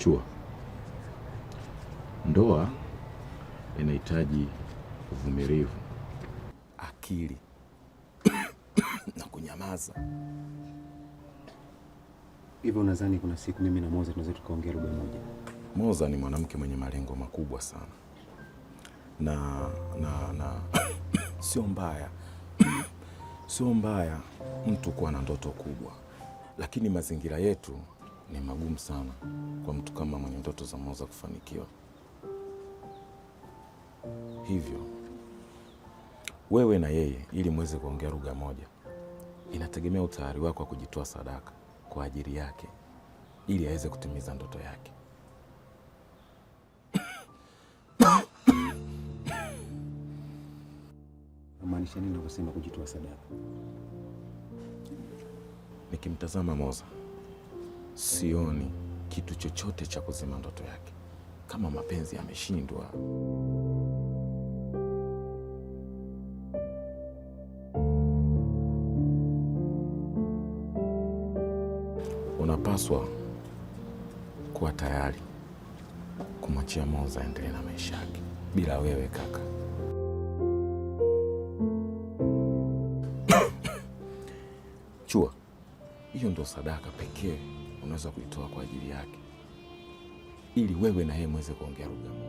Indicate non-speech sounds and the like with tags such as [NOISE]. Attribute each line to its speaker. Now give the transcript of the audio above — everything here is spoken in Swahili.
Speaker 1: kichwa. Ndoa inahitaji uvumilivu, akili [COUGHS] na kunyamaza.
Speaker 2: Hivyo nadhani kuna siku mimi na Moza tunaweza tukaongea lugha moja.
Speaker 1: Moza ni mwanamke mwenye malengo makubwa sana na, na, na [COUGHS] sio mbaya [COUGHS] sio mbaya mtu kuwa na ndoto kubwa, lakini mazingira yetu ni magumu sana kwa mtu kama mwenye ndoto za moza kufanikiwa. Hivyo wewe na yeye, ili muweze kuongea lugha moja, inategemea utayari wako wa kujitoa sadaka kwa ajili yake ili aweze kutimiza ndoto yake.
Speaker 2: Maanisha nini kusema kujitoa sadaka?
Speaker 1: Nikimtazama Moza sioni kitu chochote cha kuzima ndoto yake. Kama mapenzi yameshindwa, unapaswa kuwa tayari kumwachia Moza aendelee na maisha yake bila wewe kaka. [COUGHS] Chua, hiyo ndo sadaka pekee unaweza kuitoa kwa ajili yake, ili wewe na yeye muweze kuongea lugha